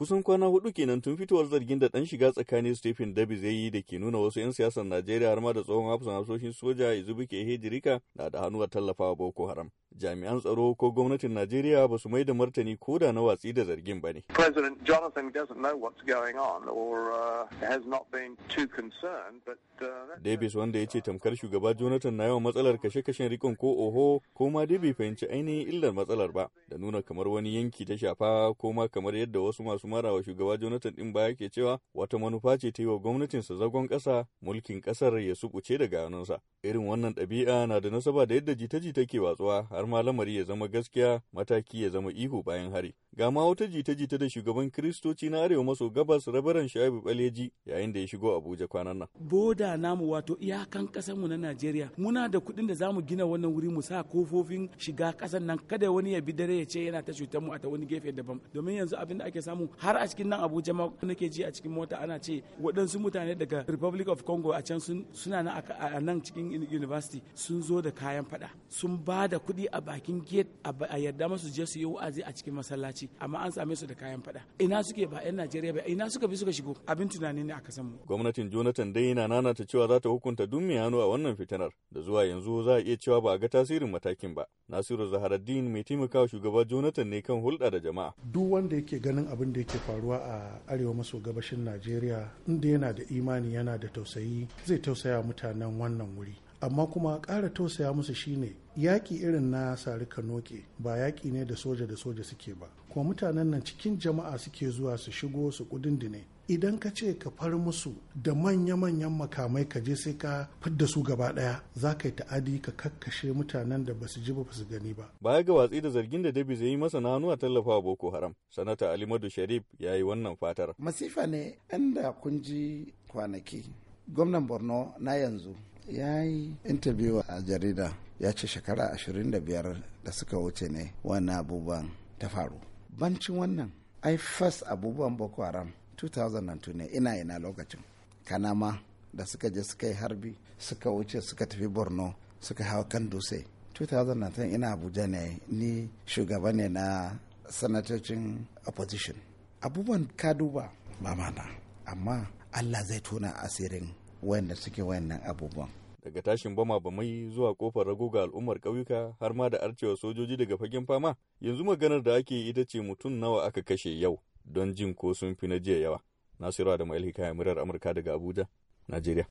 kusan kwana hudu kenan tun fitowar zargin da dan shiga tsakanin Stephen Dabi zai yi da ke nuna wasu 'yan siyasar Najeriya har ma da tsohon hafsan hafsoshin soja ke Hejirika na da a tallafawa Boko Haram. Jami'an tsaro ko gwamnatin Najeriya ba su mai da martani ko da na watsi da zargin ba ne. President Jonathan doesn't know what's going on or uh, has not been too concerned but uh, uh, Davis wanda ya ce tamkar shugaba Jonathan na yawan matsalar kashe-kashen rikon ko oho ko ma dai bai fahimci ainihin illar matsalar ba da nuna kamar wani yanki ta shafa ko ma kamar yadda wasu masu marawa shugaba Jonathan din baya ke cewa wata manufa ce ta yi wa gwamnatin sa zagon ƙasa mulkin ƙasar ya sukuce daga hannunsa. Irin wannan ɗabi'a na da nasaba da yadda jita-jita ke watsuwa har ma lamari ya zama gaskiya mataki ya zama ihu bayan hari. ga ma wata jita-jita da shugaban kiristoci na arewa maso gabas rabaran shaibu baleji yayin da ya shigo abuja kwanan nan boda namu wato iyakan kasar mu na najeriya muna da kuɗin da zamu gina wannan wuri mu sa kofofin shiga kasan nan kada wani ya bi dare ya ce yana ta cutar mu a ta wani gefe daban domin yanzu abin da ake samu har a cikin nan abuja ma nake ji a cikin mota ana ce waɗansu mutane daga republic of congo a can suna na a nan cikin university sun zo da kayan fada sun ba da kuɗi a bakin gate a yarda masu je su yi wa'azi a cikin masallaci amma an same su da kayan fada ina suke ba yan najeriya ba ina suka bi suka shigo abin tunani ne a kasan mu gwamnatin jonathan dai yana nana ta cewa za ta hukunta duk mai hannu a wannan fitinar da zuwa yanzu za a iya cewa ba a ga tasirin matakin ba nasiru zaharaddin mai taimakawa shugaba jonathan ne kan hulɗa da jama'a duk wanda yake ganin abin da yake faruwa a arewa maso gabashin najeriya inda yana da imani yana da tausayi zai tausaya mutanen wannan wuri amma kuma ƙara tausaya musu shine yaƙi irin na sari kanoke ba yaƙi ne da soja da soja suke ba kuma mutanen nan cikin jama'a suke zuwa su shigo su kudindine idan ka ce ka far musu da manya-manyan makamai ka je sai ka fidda su gaba ɗaya za ka yi ta'adi ka kakkashe mutanen da basu ji ba su gani ba. Baya ga watsi da zargin da Dabi zai yi masa na a tallafa Boko Haram, sanata Alimadu Sharif ya yi wannan fatar. Masifa ne inda kun ji kwanaki gwamnan Borno na yanzu ya yi interview a jarida ya ce shekara 25 da suka wuce ne wannan abubuwan ta faru bancin wannan ai first abubuwan boko haram 2002 ne ina ina lokacin kanama da suka je suka yi harbi suka wuce suka tafi borno suka hau kan dutse 2010 ina abuja ne ni shugaba ne na sanatocin opposition abubuwan ka duba ba mana amma allah zai tuna asirin wayanda suke wayannan abubuwan daga tashin bama bamai zuwa kofar rago ga al'ummar ƙauyuka har ma da arcewa sojoji daga fagen fama yanzu maganar da ake ita ce mutum nawa aka kashe yau don jin ko sun fi na jiya yawa nasiru da ma'il hikaya murar amurka daga abuja najeriya